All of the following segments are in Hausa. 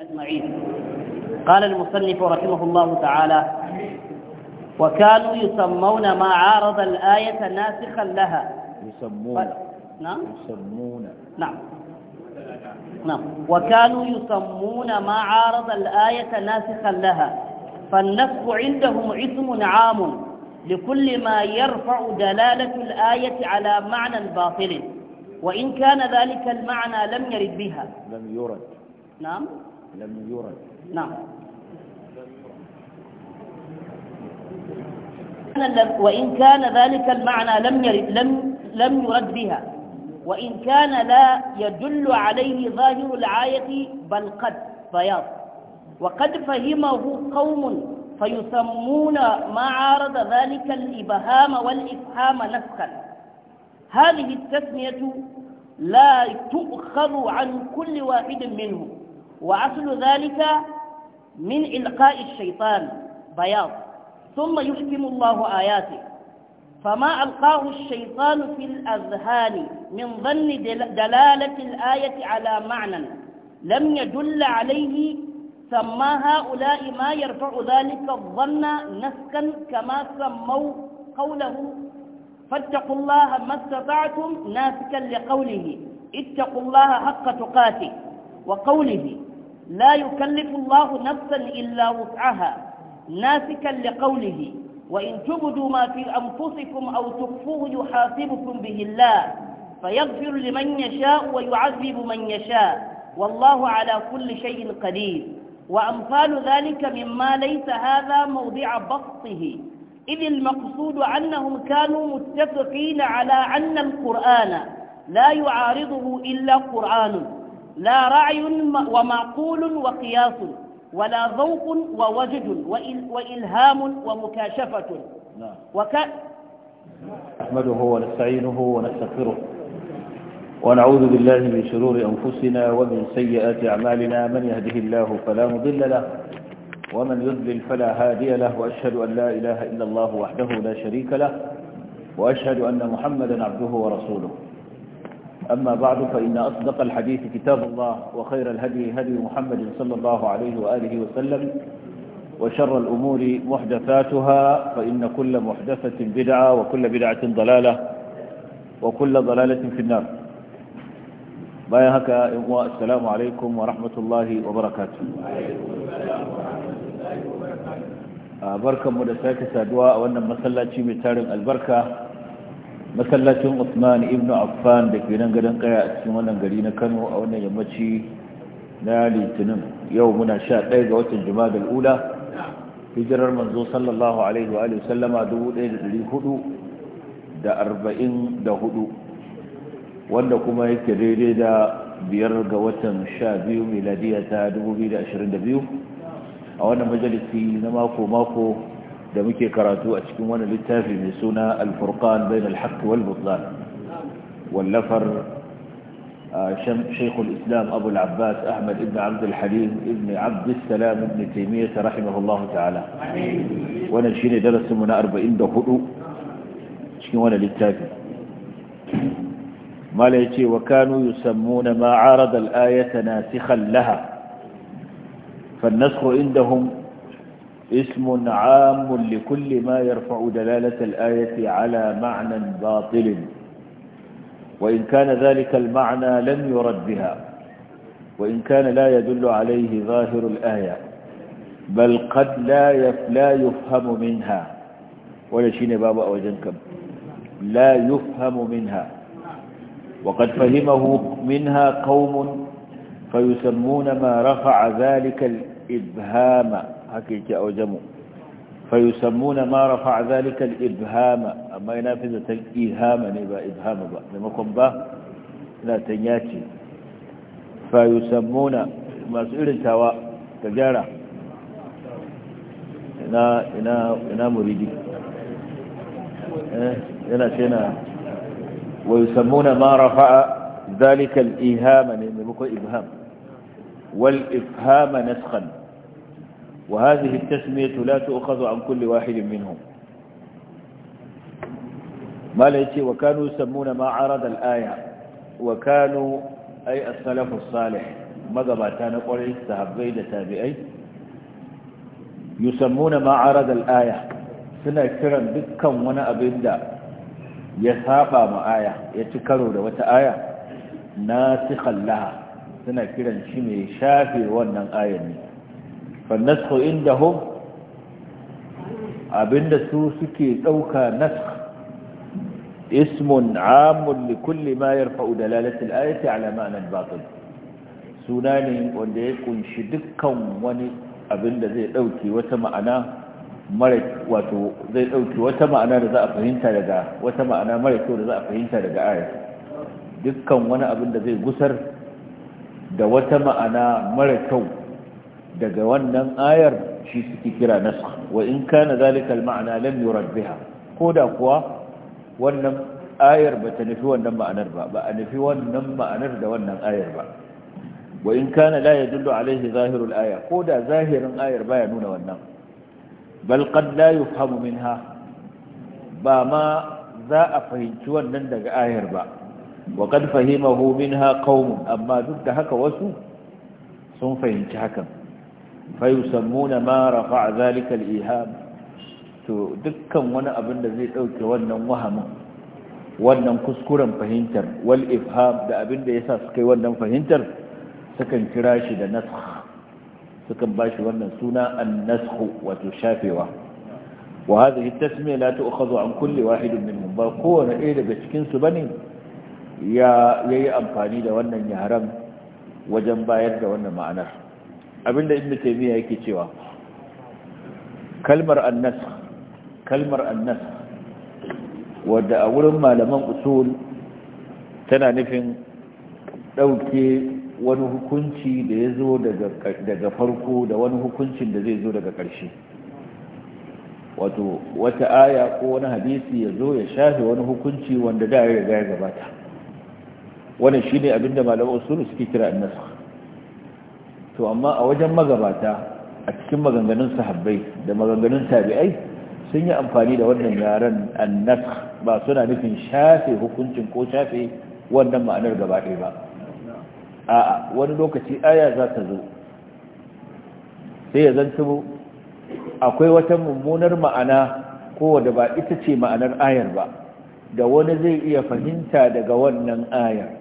أجمعين قال المصنف رحمه الله تعالى وكانوا يسمون ما عارض الآية ناسخا لها يسمون نعم يسمون نعم نعم وكانوا يسمون ما عارض الآية ناسخا لها فالنسخ عندهم اسم عام لكل ما يرفع دلالة الآية على معنى باطل وإن كان ذلك المعنى لم يرد بها لم يرد نعم لم يرد نعم وإن كان ذلك المعنى لم يرد لم لم يرد بها وإن كان لا يدل عليه ظاهر الآية بل قد بياض وقد فهمه قوم فيسمون ما عارض ذلك الإبهام والإفهام نسخا هذه التسمية لا تؤخذ عن كل واحد منهم وأصل ذلك من إلقاء الشيطان بياض ثم يحكم الله آياته فما ألقاه الشيطان في الأذهان من ظن دلالة الآية على معنى لم يدل عليه سمى هؤلاء ما يرفع ذلك الظن نسكا كما سموا قوله فاتقوا الله ما استطعتم ناسكا لقوله اتقوا الله حق تقاته وقوله لا يكلف الله نفسا إلا وسعها ناسكا لقوله وإن تبدوا ما في أنفسكم أو تخفوه يحاسبكم به الله فيغفر لمن يشاء ويعذب من يشاء والله على كل شيء قدير وأمثال ذلك مما ليس هذا موضع بسطه إذ المقصود أنهم كانوا متفقين على أن القرآن لا يعارضه إلا قرآن لا رعي ومعقول وقياس ولا ذوق ووجد وإلهام ومكاشفة نعم. وك... نحمده ونستعينه ونستغفره ونعوذ بالله من شرور أنفسنا ومن سيئات أعمالنا من يهده الله فلا مضل له ومن يضلل فلا هادي له وأشهد أن لا إله إلا الله وحده لا شريك له وأشهد أن محمدا عبده ورسوله أما بعد فإن أصدق الحديث كتاب الله وخير الهدي هدي محمد صلى الله عليه وآله وسلم وشر الأمور محدثاتها فإن كل محدثة بدعة وكل بدعة ضلالة وكل ضلالة في النار بايهك السلام عليكم ورحمة الله وبركاته آه، بركة مدساك سادواء وأن مسلاتي من تارم البركة masallacin usman ibn affan da ke nan gadon kaya a cikin wannan gari na kano a wannan yammaci na litinin yau muna sha ɗaya ga watan jima'a ula hijirar manzo sallallahu alaihi wa sallama 1444 wanda kuma yake daidai da biyar ga watan sha biyu miladiya ta 2022 a wannan majalisi na mako-mako da muke karatu a cikin wani littafi mai suna alfurqan bain alhaq wal butlan wallafar شيخ الإسلام أبو العباس أحمد بن عبد الحليم بن عبد السلام بن تيمية رحمه الله تعالى ونشين درس من أربعين دهدو شكوانا للتاكي ما ليتي وكانوا يسمون ما عارض الآية ناسخا لها فالنسخ عندهم اسم عام لكل ما يرفع دلالة الآية على معنى باطل وإن كان ذلك المعنى لم يرد بها وإن كان لا يدل عليه ظاهر الآية بل قد لا لا يفهم منها ولا شين بابا أو جنكم لا يفهم منها وقد فهمه منها قوم فيسمون ما رفع ذلك الإبهام حكيك أو جمو فيسمون ما رفع ذلك الإبهام أما ينافذة الإبهام نبا إبهام با لما قم با لا تنياتي فيسمون مسئول التواء تجارة إنا, إنا, إنا مريدي إنا شنا ويسمون ما رفع ذلك الإبهام نبا إبهام والإبهام نسخا وهذه التسمية لا تؤخذ عن كل واحد منهم ما ليتي وكانوا يسمون ما عرض الآية وكانوا أي السلف الصالح مقباتان قريب تهبين تابعي يسمون ما عرض الآية سنة كرا بكا ونا أبدا يسابع ما آية يتكرر وتآية ناسخا لها سنة كرا شمي شافي ونن آية منه fannasu inda hum abinda su suke ɗauka nasu ismun amun likulli ma yarfa'u dalalatul ayati ala ma'anar batil suna ne wanda ya kunshi dukkan wani abinda zai ɗauki wata ma'ana mara wato da za a fahimta daga wata dukkan wani zai gusar da wata ma'ana mara kyau daga wannan ayar shi suke kira nasakh wa in kana zalika al-ma'na lam yurad biha da kuwa wannan ayar bata nufi wannan ma'anar ba ba a nufi wannan ma'anar da wannan ayar ba wa in kana la yadullu alayhi zahirul aya da zahirin ayar baya nuna wannan bal qad la yufhamu minha ba ma za a fahimci wannan daga ayar ba wa qad fahimahu minha qaumun amma duk da haka wasu sun fahimci hakan fa yusammuna ma rafa'a zalika al-iham to dukkan wani abin da zai dauke wannan wahamin wannan kuskuren fahimtar wal ifham da abin da yasa su kai wannan fahimtar sukan kira shi da nasakh sukan bashi wannan suna an-nasakh wato shafewa wa hadhihi at-tasmiya la tu'khadhu an kulli wahid minhum ba kowane ɗaya daga cikin su bane ya yayi amfani da wannan yaran wajen bayar da wannan ma'anar abinda ibn taymiya yake cewa kalmar annas kalmar annas wadda a wurin malaman usul tana nufin ɗauke wani hukunci da ya zo daga farko da wani hukuncin da zai zo daga ƙarshe wato wata aya ko wani hadisi ya zo ya shafe wani hukunci wanda da ya riga ya gabata wannan shine abinda malaman usul suke kira annasa to amma a wajen magabata a cikin maganganun sahabbai da maganganun tabi'ai sun yi amfani da wannan yaren annak ba suna nufin shafe hukuncin ko shafe wannan ma'anar gaba ɗaya ba a wani lokaci aya za ta zo sai ya zanto akwai wata mummunar ma'ana ko da ba ita ce ma'anar ayar ba da wani zai iya fahimta daga wannan ayar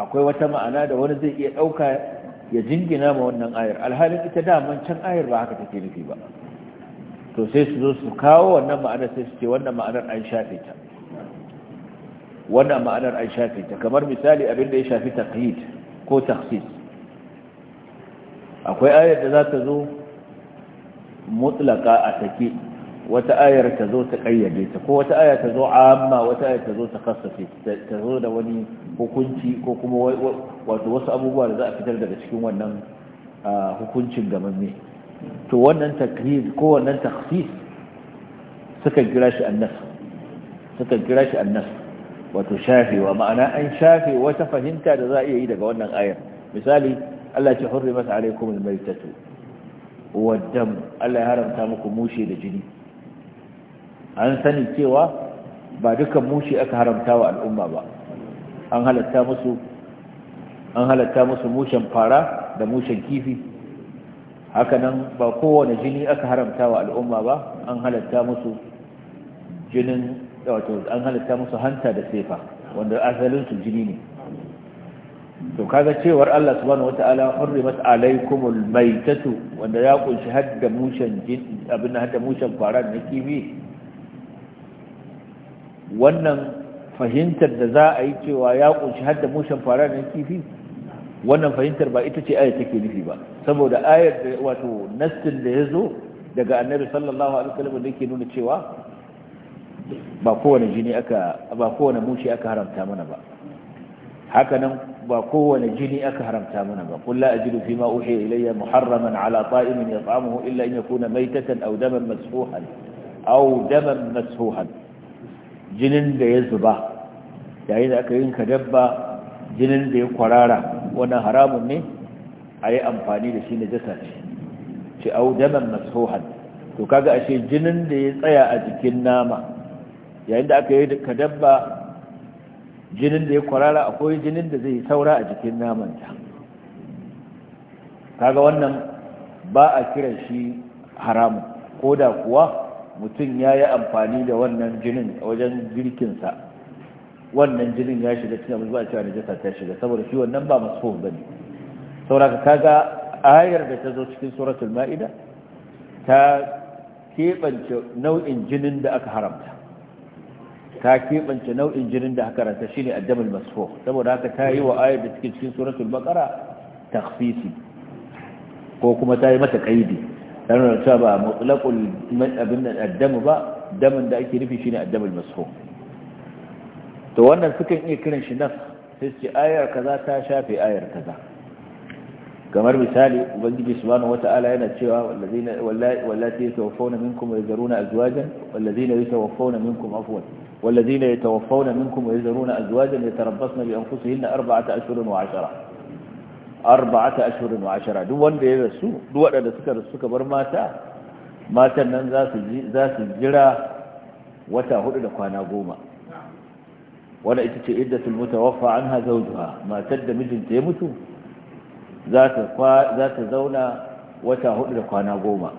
akwai wata ma'ana da wani zai iya ɗauka ya jingina ma wannan ayar alhalin ita daman can ayar ba haka take nufi ba to sai su zo su kawo wannan ma'anar sai su ce wannan ma'anar an shafe ta wannan ma'anar an shafe ta kamar misali abin da ya shafi taqyid ko takhsis akwai ayar da za ta zo mutlaka a take wata ayar ta zo ta ƙayyade ta ko wata aya ta zo amma wata aya ta zo ta kasafe, ta zo da wani hukunci ko kuma wato wasu abubuwa da za a fitar daga cikin wannan hukuncin gamamme to wannan takrir ko wannan takhsis suka kira shi annas suka kira shi annas wato wa, ma'ana an shafe wata fahimta da za a iya yi daga wannan ayar misali Allah ya ce hurrimat alaikum almaytatu wa dam Allah ya haramta muku mushe da jini an sani cewa ba dukan mushi aka haramta wa al'umma ba an halatta musu an halatta musu mushen fara da mushen kifi hakanan ba kowane jini aka haramta wa al'umma ba an halatta musu jinin wato an halatta musu hanta da sefa wanda asalin su jini ne to kaga cewar Allah subhanahu wata'ala hurrimat alaikumul maitatu wanda ya kunshi hadda mushen jin abin hadda mushen fara da kifi wannan fahimtar da za a yi cewa ya kunshi hadda mushen fara na kifi wannan fahimtar ba ita ce ayar take nufi ba saboda ayar wato nastin da ya zo daga annabi sallallahu alaihi wasallam da yake nuna cewa ba kowane jini aka ba kowane mushi aka haramta mana ba haka nan ba kowane jini aka haramta mana ba kullu ajidu fi ma uhiya ilayya muharraman ala ta'imin yat'amuhu illa an yakuna maytatan aw daman masfuhan aw daman masfuhan jinin da ya zuba yayin da aka yin dabba jinin da ya kwarara wani haramun ne a yi amfani da shi na jasa ce ce au daman masohan to kaga ashe jinin da ya tsaya a jikin nama yayin da aka yi ka dabba jinin da ya kwarara akwai jinin da zai saura a jikin namanta kaga wannan ba a kiran shi haramun ko da kuwa mutum ya yi amfani da wannan jinin wajen girkinsa wannan jinin ya shiga cikin abin ba cewa najasa ta shiga saboda shi wannan ba masu ba ne sauraka kaga ayar da ta zo cikin suratul ma'ida ta keɓance nau'in jinin da aka haramta ta keɓance nau'in jinin da aka haramta shine addamul masfo saboda haka ta yi wa ayar da cikin cikin suratul baqara takhsisi ko kuma ta yi mata ƙa'idi. dan ta ba mutlaqul abin da addamu ba damin da ake nufi shine addamul mashu to wannan sukan iya kiran shi nas sai ce ayar kaza ta shafe ayar kaza kamar misali ubangiji subhanahu wataala yana cewa wallazina wallati yatawaffawna minkum wa yazaruna azwajan wallazina yatawaffawna minkum afwan wallazina yatawaffawna minkum wa yazaruna azwajan yatarabbasna bi anfusihinna arba'ata ashhurin wa 'ashara arba'ata ashhurin wa ashara duk wanda ya rasu duk wadanda suka rasu suka bar mata matan nan za su za su jira wata hudu da kwana goma wanda ita ce iddatul mutawaffa anha zawjuha matar da mijinta ya mutu za ta za ta zauna wata hudu da kwana goma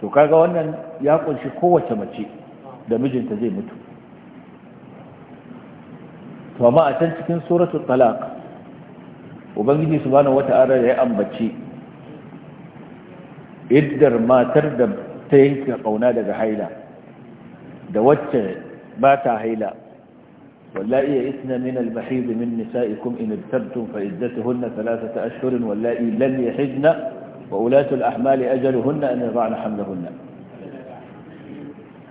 to kaga wannan ya kunshi kowace mace da mijinta zai mutu to amma a can cikin suratul talaq ubangiji subhanahu wata'ala ya ambaci iddar matar da ta yanke kauna daga haila da wacce ba ta haila wallahi ya isna min al-mahid min nisa'ikum in ibtabtum fa iddatuhunna thalathata ashhurin wallahi lam yahidna wa ulatu al-ahmali ajaluhunna an yadh'ana hamlahunna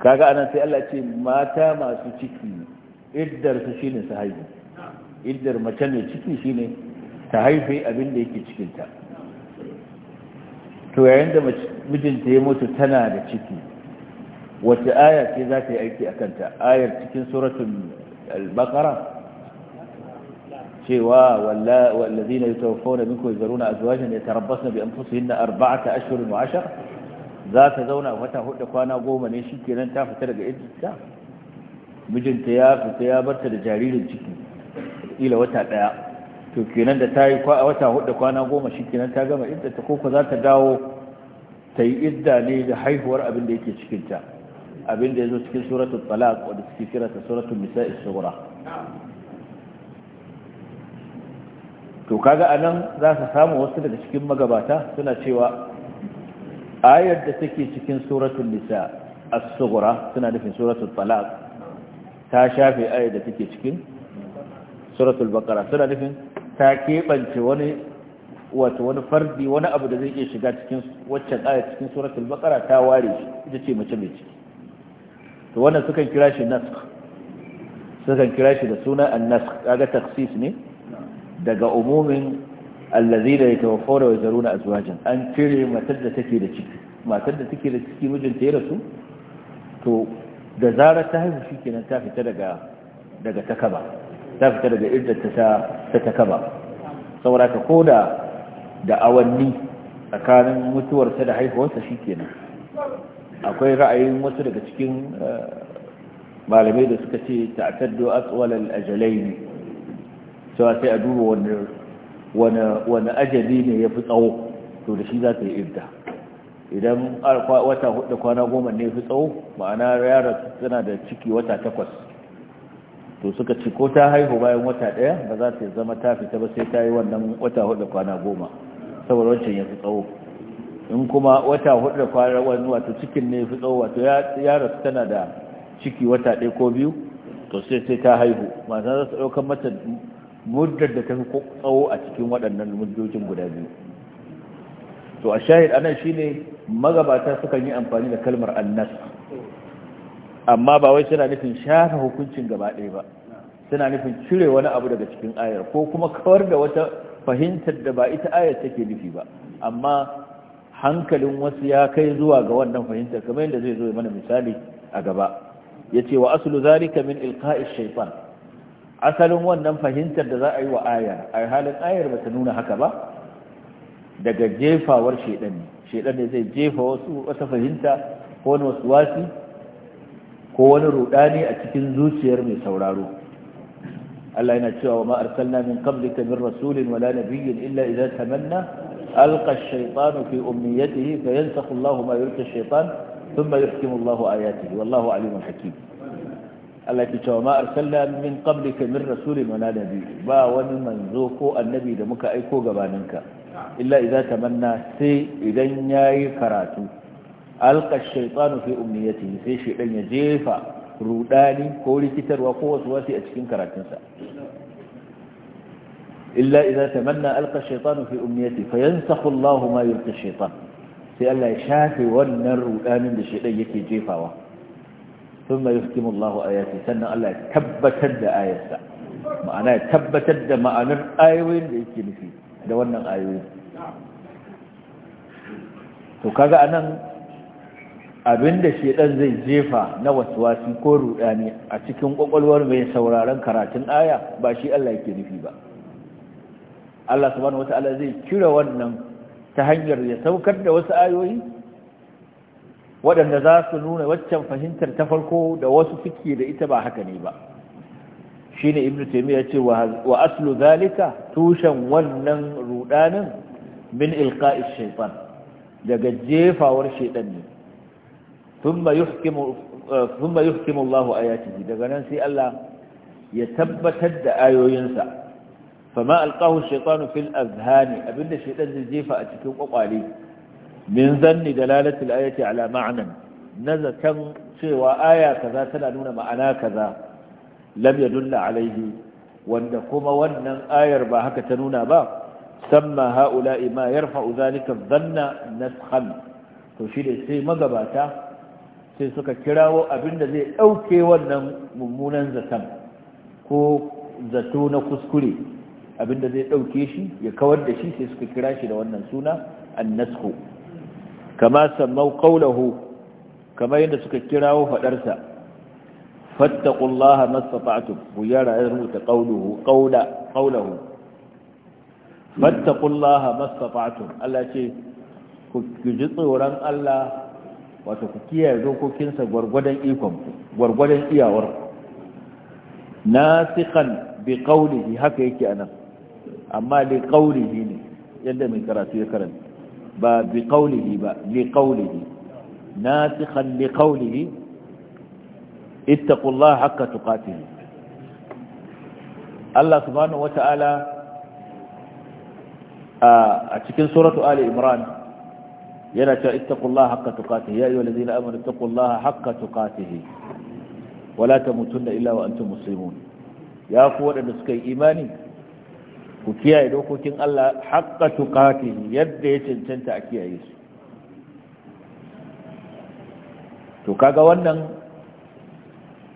kaga anan sai Allah ce mata masu ciki iddar su shine su haihu iddar mace ne ciki shine ta haife abin da yake cikinta to yayin da mijinta ya mutu tana da ciki wace aya ce za ta yi aiki a kanta ayar cikin suratun al-baqara cewa wallazina yatawaffawna minkum yazaruna na biyan bi anfusihinna arba'ata ashhurin wa ashara za ta zauna wata hudu kwana goma ne shi kenan ta fita daga ta, mijinta ya fita ya barta da jaririn ciki ila wata daya to kenan da ta yi kwa wata hudu kwana goma shi kenan ta gama idda ta koko za ta dawo ta yi idda ne da haihuwar abin da yake cikinta abin da ya zo cikin suratul talaq wadda suke kira ta suratul nisa'i sughra to kaga anan za ka samu wasu daga cikin magabata suna cewa ayar da take cikin suratul nisa as-sughra suna nufin suratul talaq ta shafe ayar da take cikin suratul baqara suna nufin ta keɓance wani wato wani fardi wani abu da zai iya shiga cikin waccan aya cikin suratul baqara ta ware shi ita ce mace mai ciki to wannan sukan kira shi nasakh sukan kira shi da suna an-nasakh kaga takhsis ne daga umumin allazina yatawaffawna wa yazaruna azwajan an cire matar da take da ciki matar da take da ciki mijinta ya rasu to da zarar ta haihu shikenan ta fita daga daga takaba ta fita daga iddata ta ta kaba saboda ka koda da awanni tsakanin mutuwarsa da haihuwarsa kenan akwai ra'ayin wasu daga cikin eh, malamai da suka ce ta'taddu atwal ajalai ne cewa sai a duba wani ajali ne yafi tsawo to da shi za ta yi idda idan wata hudu kwana goma ne fi tsawo ma'ana yara tana da ciki wata takwas to suka ci ko ta haihu bayan wata ɗaya ba za ta zama ta fita ba sai ta yi wannan wata hudu kwana goma saboda wancan ya fi tsawo in kuma wata hudu kwana wani wato cikin ne ya fi tsawo wato ya rasu tana da ciki wata ɗaya ko biyu to sai sai ta haihu masu za su ɗaukar mata muddar da ta fi tsawo a cikin waɗannan muddojin guda biyu to a shahid anan shine magabata sukan yi amfani da kalmar annas amma ba wai suna nufin shafa hukuncin gaba ɗaya ba suna nufin cire wani abu daga cikin ayar ko kuma kawar da wata fahimtar da ba ita ayar take nufi ba amma hankalin wasu ya kai zuwa ga wannan fahimtar kamar yadda zai zo mana misali a gaba yace wa asulu zalika min ilqa'i shaytan asalin wannan fahimtar da za a yi wa aya a halin ayar ba ta nuna haka ba daga jefawar shaydan ne ne zai jefa wasu wata fahimta ko wani wasu wasi ko wani rudani a cikin zuciyar mai sauraro Allah yana cewa ma arsalna min qablika min rasulin wala nabiyyin illa idza tamanna alqa ash-shaytanu fi umniyatihi fayansakhu Allahu ma yulqi ash-shaytan thumma yuhkimu Allahu ayatihi wallahu alimun hakim Allah ke cewa ma arsalna min qablika min rasulin wala nabi ba wani manzo ko annabi da muka aiko gabaninka illa idza tamanna sai idan yayi karatu alqa shaytanu fi umniyatihi sai shaydan ya jefa rudani ko rikitarwa ko wasu wasi a cikin karatunsa illa idza tamanna alqa shaytanu fi umniyatihi fayansakhu Allahu ma yulqi shaytan sai Allah ya shafe wannan rudanin da shaydan yake jefawa ثم يحكم sannan Allah ya tabbatar da آياته ma'ana ya tabbatar da ma'anar ayoyin da yake nufi da wannan ayoyin to kaga anan abinda shedan zai jefa na waswasi ko rudani a cikin kwakwalwar mai sauraron karatun aya ba shi Allah yake nufi ba Allah subhanahu wataala zai kira wannan ta hanyar ya saukar da wasu ayoyi waɗanda za su nuna waccan fahimtar ta farko da wasu suke da ita ba haka ne ba shine ibnu taymiya ce wa aslu zalika tushen wannan rudanin min ilqa'i shaytan daga jefawar shaytan ne thumma yuhkimu uh, thumma yuhkimu daga nan sai Allah ya tabbatar da ayoyinsa fama alqahu ash fil azhani abinda shaytan zai jefa a cikin kwakwale min zanni dalalati al-ayati ala ma'nan nazatan cewa aya kaza tana nuna ma'ana kaza lam yadulla alaihi wanda kuma wannan ayar ba haka ta nuna ba samma haula'i ma yarfa'u zalika dhanna naskhan to shi da sai magabata sai suka kirawo abin da zai ɗauke wannan mummunan zaton ko zato na kuskure abin da zai ɗauke shi ya kawar da shi sai suka kira shi da wannan suna annasku kama sammau kaulahu kamar yadda suka kirawo faɗarsa fattakullaha mastata'tum ku yara ya rubuta qauluhu qaula qaulahu fattakullaha mastata'tum Allah ce ku ji tsoron Allah wato ku kiyaye dokokinsa gwargwadon ikon gwargwadon iyawar nasiqan bi qawlihi haka yake nan amma li qawlihi ne yadda mai karatu ya karanta ba bi qawlihi ba na qawlihi nasiqan li qawlihi ittaqullaha haqqa tuqatih Allah subhanahu Ta'ala a cikin suratu ali imran yana cewa ittaqullaha haqqa tuqatih ya ayyuhal ladina amanu ittaqullaha haqqa tuqatih wala tamutunna illa wa antum muslimun ya ku wadanda suka yi imani ku kiyaye dokokin Allah haqqa tuqatih yadda ya cancanta a kiyaye su to kaga wannan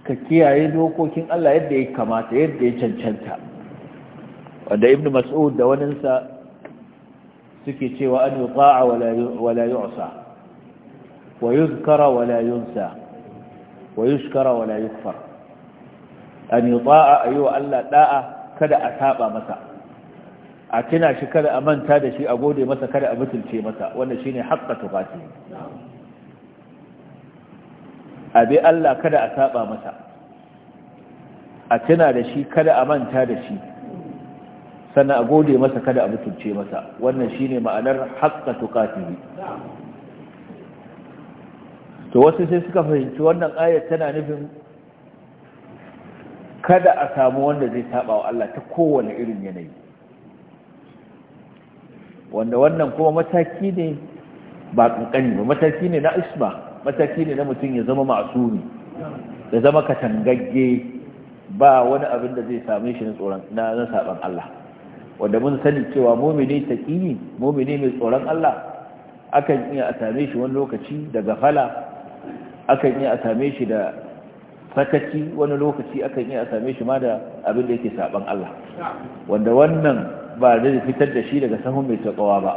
ka kiyaye dokokin Allah yadda ya kamata yadda ya cancanta wanda ibn mas'ud da waninsa suke cewa an yuta'a wala yu'sa wa yuzkara wala yunsa wa yushkara wala yukfar an yuta'a ayyuwa Allah ɗa'a kada a saba masa a tuna shi kada a manta da shi a gode masa kada a mutunce masa wanda wannan shine haqqa tuqati abi Allah kada a saba masa a tuna da shi kada a manta da shi sannan a gode masa kada a mutunce masa wannan shine ma'anar haqqa tuqatihi to wasu sai suka fahimci wannan ayar tana nufin kada a samu wanda zai saba wa Allah ta kowane irin yanayi wanda wannan kuma mataki ne ba kankani ba mataki ne na isma mataki ne na mutum ya zama masumi ya zama katangagge ba wani abin da zai same shi na tsoron na saban Allah wanda mun sani cewa mumini taqi mumini mai tsoron Allah akan iya a same shi wani lokaci da gafala akan iya a same shi da sakaci wani lokaci akan iya a same shi ma da abin da yake saban Allah wanda wannan ba zai fitar da shi daga sahun mai tsakawa ba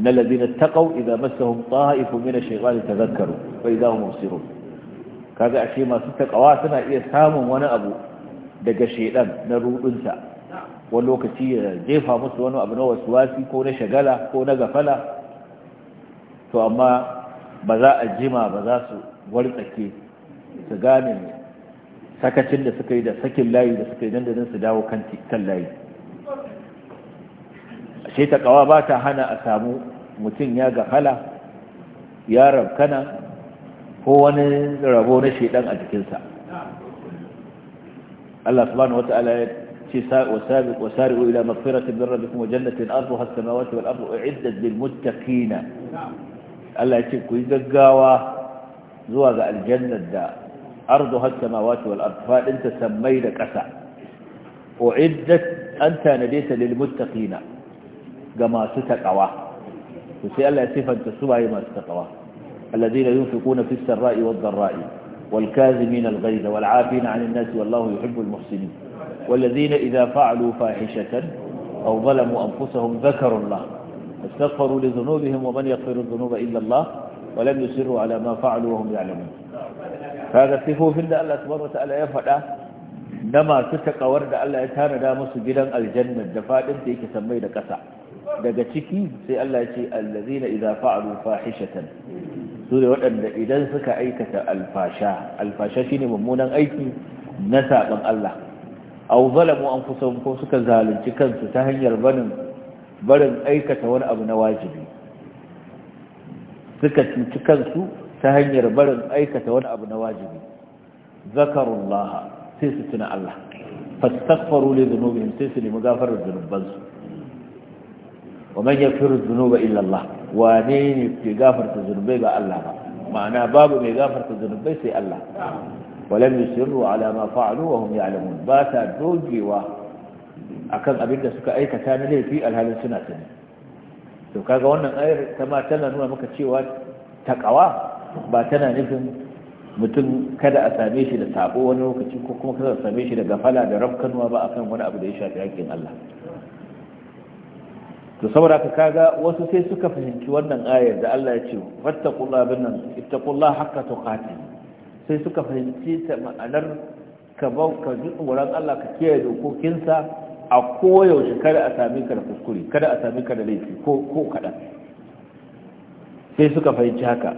na lazina taqaw idza massahum ta'ifun min ash-shaytani tadhakkaru fa idza hum mubsirun kaga ashe masu taqwa suna iya samun wani abu daga shedan na rudunsa wani lokaci ya jefa musu wani abu na wasu wasi, ko na shagala ko na gafala to amma ba za a jima ba za su wartsake su gane sakacin da suka yi da sakin layi da suka yi nan da nan su dawo kan kan layi ashe ta kawa ba ta hana a samu mutum ya gafala ya rabkana ko wani rabo na shedan a jikinsa Allah subhanahu wata'ala وسارعوا إلى مغفرة من ربكم وجنة أرضها السماوات والأرض أعدت للمتقين ألا يتبكوا يدقاوا زواغ الجنة دا أرضها السماوات والأرض فأنت سمينا كسا أعدت أنت نديت للمتقين كما ستقوا وسي الله يتفى أنت سبعي ما ستقوا الذين ينفقون في السراء والضراء والكاذمين الغيظ والعافين عن الناس والله يحب المحسنين والذين إذا فعلوا فاحشة أو ظلموا أنفسهم ذكروا الله استغفروا لذنوبهم ومن يغفر الذنوب إلا الله ولم يسروا على ما فعلوا وهم يعلمون هذا صفوف إن الله سبحانه وتعالى يفعل نما تتقور da Allah ya tanada musu gidan aljanna da fadin da yake sammai da ƙasa daga ciki sai Allah ya ce allazina idza fa'alu fahishatan su ne waɗanda idan suka aikata alfasha alfasha shine mummunan aiki na sabon Allah aw zalamu anfusahum ko suka zalunci kansu ta hanyar barin barin aikata wani abu na wajibi suka cuci kansu ta hanyar barin aikata wani abu na wajibi zakarullah sai su tuna Allah fastaghfiru li dhunubihim sai su nemi gafarar dhunubansu wa man yaghfiru dhunuba illa Allah wane ne ke gafarta dhunubai ba Allah ba ma'ana babu mai gafarta dhunubai sai Allah walam yusirru ala ma fa'alu wa hum ba dogewa akan abin da suka aikata na laifi alhalin suna sani to kaga wannan ayar ta tana nuna maka cewa takawa ba tana nufin mutum kada a same shi da sabo wani lokaci ko kuma kada a same shi da gafala da rafkanuwa ba akan wani abu da ya shafi hakkin Allah to saboda ka kaga wasu sai suka fahimci wannan ayar da Allah ya ce fattaqullaha bin nan ittaqullaha haqqa tuqatih sai suka fahimci ta ma'anar ka ji tsoron Allah ka kiyaye dokokinsa a koyaushe kada a sami ka da kuskure kada a sami ka da laifi ko kaɗan sai suka fahimci haka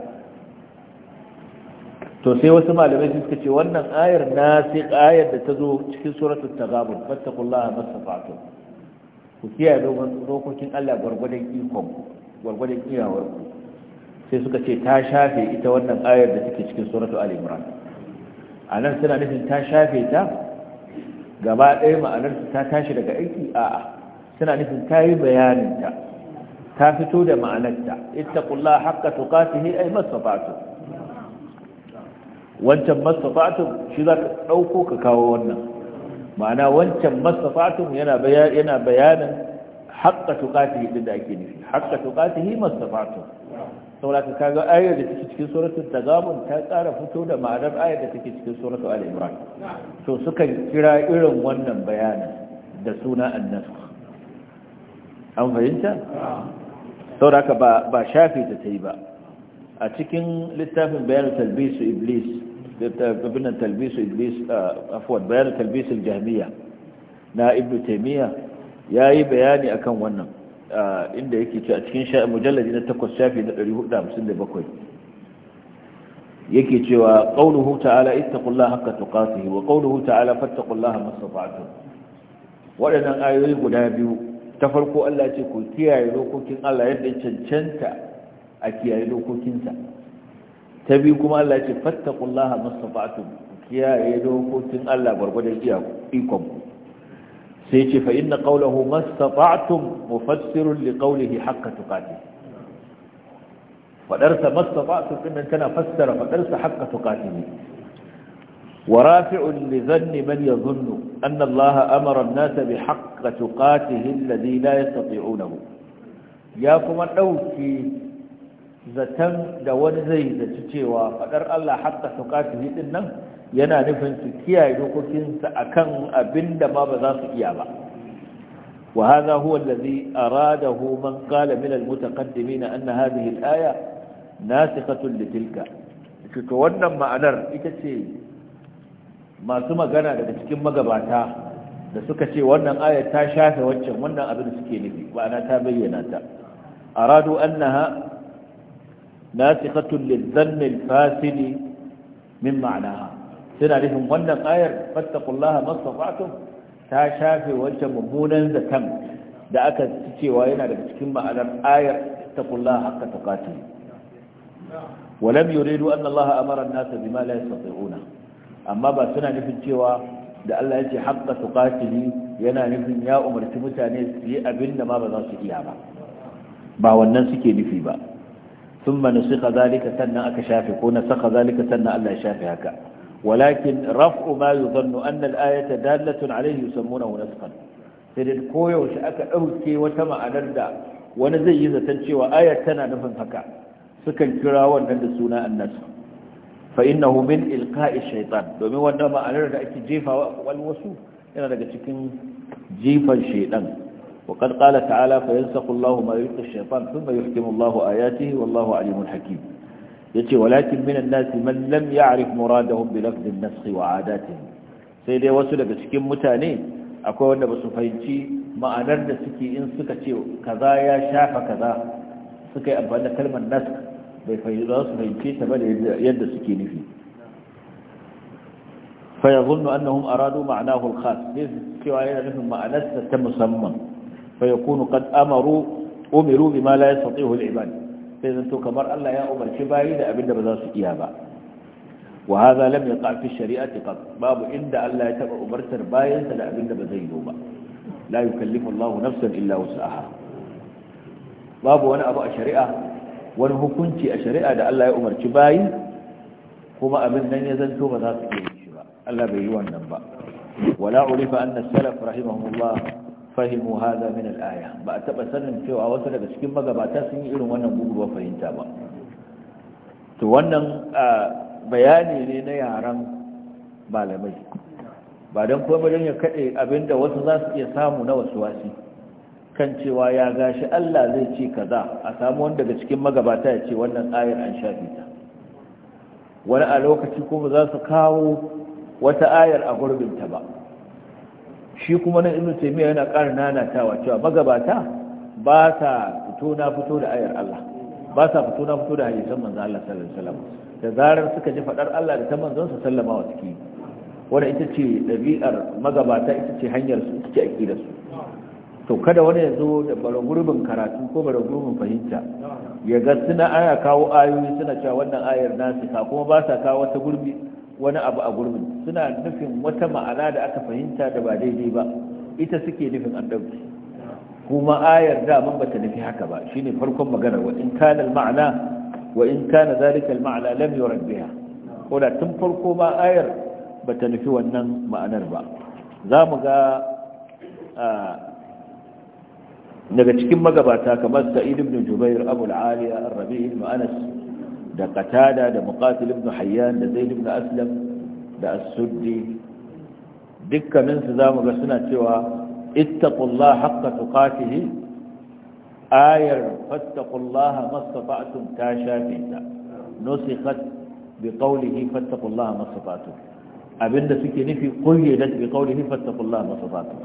to sai wasu malamai suka ce wannan ayar na sai ayar da ta zo cikin suratul tagabun fattakullaha masafatu ku kiyaye dokokin Allah gwargwadon ikon gwargwadon iyawarku sai suka ce ta shafe ita wannan ayar da take cikin suratu al-imran a nan suna nufin ta shafe ta gaba ɗaya ma'anarta ta tashi daga aiki a'a suna nufin ta yi bayaninta ta fito da ma'anarta ita kulla haka yi tukatihi ai masafatu wancan masafatu shi za ka ɗauko ka kawo wannan ma'ana wancan masafatu yana bayanin haka yi ɗin da ake nufi haka tukatihi masafatu saboda ka kaga ayar da take cikin suratul tagabun ta tsara fito da ma'anar ayar da take cikin suratul al-imran to sukan kira irin wannan bayanin da suna annasu an fahimta saboda ka ba ba shafi ta tai ba a cikin littafin bayanin talbisu iblis ibn talbisu iblis afwan bayanin talbisu al-jahmiya na ibnu taymiya yayi bayani akan wannan inda yake ce a cikin mujallaji na takwas shafi na 457 yake cewa qauluhu ta'ala ittaqullaha haqqa tuqatih wa qauluhu ta'ala fattaqullaha mastata'tum waɗannan ayoyi guda biyu ta farko Allah ce ku kiyaye dokokin Allah yadda cancanta a kiyaye dokokinsa ta biyu kuma Allah ce fattaqullaha mastata'tum kiyaye dokokin Allah gwargwadon iyaku ikonku sai ce fa inna qawluhu mastata'tum mufassirun liqawlihi haqqa tuqati fadarsa mastata'tum kinan kana fassara fadarsa haqqa tuqati wa rafi'un li dhanni man yadhunnu anna Allah amara an-nasa bi haqqa tuqatihi alladhi la yastati'unahu ya kuma ɗauki zatan da wani zai zaci cewa faɗar Allah haka tuqatihi din yana nufin su kiyaye dokokinsa a akan abinda ma ba za su iya ba wa hadha huwa allazi aradahu man qala min almutaqaddimin anna hadhihi alaya nasikhatun litilka to wannan ma'anar ita ce masu magana daga cikin magabata da suka ce wannan ayar ta shafe waccan wannan abin suke nufi ma'ana ta bayyana ta aradu annaha nasikhatun lidhanni alfasidi min ma'anaha suna nufin wannan ayar fattaqullaha mastata'tum ta shafe wancan mummunan zakan da aka ci cewa yana daga cikin ma'anar ayar fattaqullaha haqqa tuqatih ولم يريدوا أن الله أمر الناس بما لا يستطيعون أما با suna nufin cewa da Allah ya ce haqqa tuqatih yana nufin ya umarci mutane su yi abin da ma ba za su iya ba ba wannan suke nufi ba ثم نسخ ذلك سنة أكشافك ونسخ ذلك سنة ألا يشافهك walakin raf'u ma yuzannu anna al-ayata dalatun alayhi yusammunahu nasqan sai dai koyaushe aka dauke wata ma'anar da wani zai yi zaton cewa ayar tana nufin haka sukan kira wannan da suna annas fa innahu min ilqa'i shaytan domin wannan ma'anar da ake jefawa wal wasu yana daga cikin jifan shaytan وقد قال تعالى فينسخ الله ما يلقي الشيطان ثم يحكم الله آياته والله عليم حكيم yace walakin minan nasi man lam ya'rif muradahum bi lafz an-nasakh wa 'adatihim sai dai wasu daga cikin mutane akwai wanda ba su fahimci ma'anar da suke in suka ce kaza ya shafa kaza suka yi amfani da kalmar nasakh bai fahimce ta ba da yadda suke nufi فيظن أنهم أرادوا معناه الخاص سواء لهم معنى تتم سما فيكون قد أمروا أمروا بما لا يستطيعه العباد sai zanto kamar Allah ya umarci bayi da abinda ba za su iya ba wa hadha lam yaqa fi shari'ati qat babu inda Allah ya taba umartar bayansa da abinda ba zai yi ba la yukallifu Allahu nafsan illa wus'aha babu wani abu a shari'a wani hukunci a shari'a da Allah ya umarci bayi kuma abin nan ya zanto ba za su iya shi ba Allah bai yi wannan ba wala urifa anna salaf rahimahumullah fahimu hada min al-aya ba a taba sanin cewa wasu daga cikin magabata sun yi irin wannan gugurwa fahimta ba to wannan bayani ne na yaran malamai ba don kuma don ya kaɗe abinda wasu za su iya samu na wasu wasi kan cewa ya gashi Allah zai ce kaza a samu wani daga cikin magabata ya ce wannan ayar an shafi ta wani a lokaci kuma za su kawo wata ayar a gurbinta ba shi kuma nan ibnu taymiya yana ƙara nanatawa cewa magabata ba sa fito na fito da ayar Allah ba sa fito na fito da san manzon Allah sallallahu alaihi wasallam da zarar suka ji fadar Allah da ta manzon sa sallama wa suke wanda ita ce dabi'ar magabata ita ce hanyar su ita ce akidar su to kada wani ya zo da bara gurbin karatu ko bara gurbin fahimta ya ga suna aya kawo ayoyi suna cewa wannan ayar nasu ka kuma ba sa kawo wata gurbi wani abu a gurbin suna nufin wata ma'ana da aka fahimta da ba daidai ba ita suke nufin an ɗauki kuma ayar daman bata nufi haka ba shine farkon magana wa in kana ma'ana wa in kana zalika al-ma'na lam yurad biha koda tun farko ma ayar bata nufi wannan ma'anar ba za mu ga daga cikin magabata kamar Sa'id ibn Jubair Abu al-Aliya Ar-Rabi' ibn Anas da qatada da muqatil ibn hayyan da zaid ibn aslam da as-suddi dukkanin su zamu ga suna cewa ittaqullaha haqqa tuqatihi ayar fattaqullaha mastata'tum ta shafita nusikhat biqawlihi fattaqullaha mastata'tum abinda suke nufi qayyadat biqawlihi fattaqullaha mastata'tum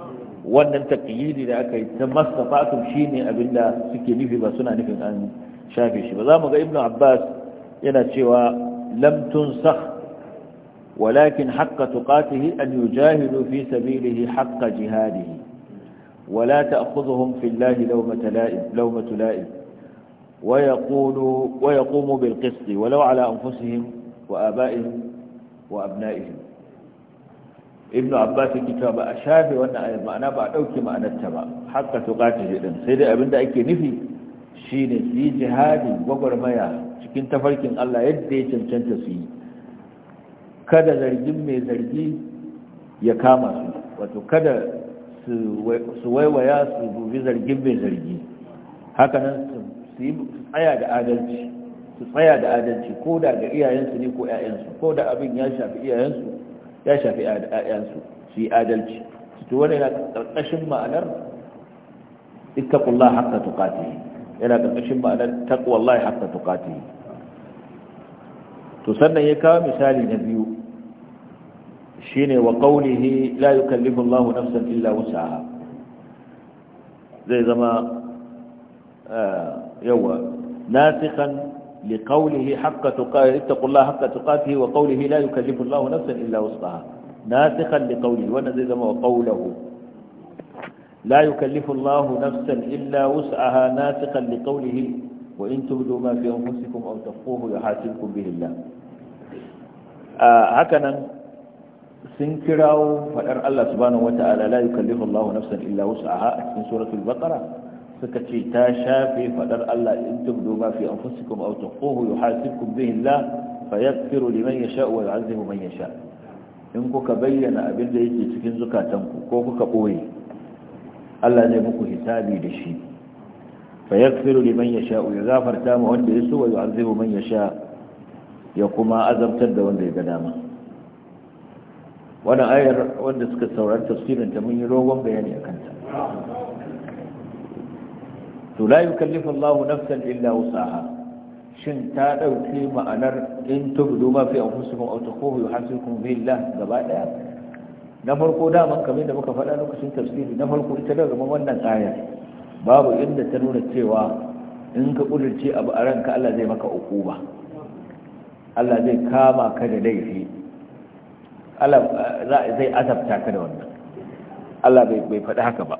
wannan taƙiyidi da aka yi ta mastafatun shine abinda suke nufi ba suna nufin an shafe shi ba za ga ibn abbas إلى cewa لم تنسخ ولكن حق تقاته أن يجاهدوا في سبيله حق جهاده ولا تأخذهم في الله لومة لائم, لومة لائم ويقولوا ويقوموا بالقسط ولو على أنفسهم وآبائهم وأبنائهم ابن عباس كتاب أشافي وأن معنى بعد أوكي معنى أنتبع حق تقاته إذن سيدي أبن دائك نفي شين في جهاد وقر cikin tafarkin Allah yadda ya cancanta su yi kada zargin mai zargi ya kama su wato kada su waiwaya su dubi zargin mai zargi hakanan su tsaya da adalci su tsaya da adalci ko da ga iyayensu ne ko ƴaƴansu ko da abin ya shafi iyayensu ya shafi ƴaƴansu su yi adalci to wani yana ƙarƙashin ma'anar ita ittaqullaha haqqa tukati, yana ƙarƙashin ma'anar ta taqwallahi haqqa tukati. to sannan ya kawo misali na biyu shine wa qawlihi la yukallifu Allahu nafsan illa wus'aha zai zama yawa nasikhan li qawlihi haqqa tuqati ittaqullaha haqqa tuqatihi wa qawlihi la yukallifu Allahu nafsan illa wus'aha nasikhan li qawlihi wannan zai zama wa qawluhu la yukallifu Allahu nafsan illa wus'aha nasikhan li qawlihi wa in tubdu ma fi anfusikum aw taquhu yuhasibkum bihi Allah haka nan sun kirawo faɗar Allah subhanahu wataala la yukallifu Allahu nafsan illa wasu a cikin suratul baqara suka ce ta shafe faɗar Allah in tubdu ma fi anfusikum aw taquhu yuhasibkum bihi Allah fayaghfiru liman yasha wa yu'adhibu man yasha in kuka bayyana abin da yake cikin zukatanku ko kuka boye Allah zai muku hisabi da shi fa yaghfiru liman yasha ya gafarta ma wanda ya so wa yu'azibu man yasha ya kuma azabtar da wanda ya ga dama wannan ayar wanda suka saurari tafsirin ta mun yi rogon bayani a kanta to la yukallifu Allahu nafsan illa wusaha shin ta dauke ma'anar in tubdu ma fi anfusikum aw tukhuhu yuhasibukum billah gaba daya na farko daman kamar da muka faɗa lokacin tafsiri na farko ita da wannan ayar babu inda ta nuna cewa in ka kudurce abu a ranka Allah zai maka ba. Allah zai kama ka da laifi Allah zai azabta ka da wannan Allah bai faɗi haka ba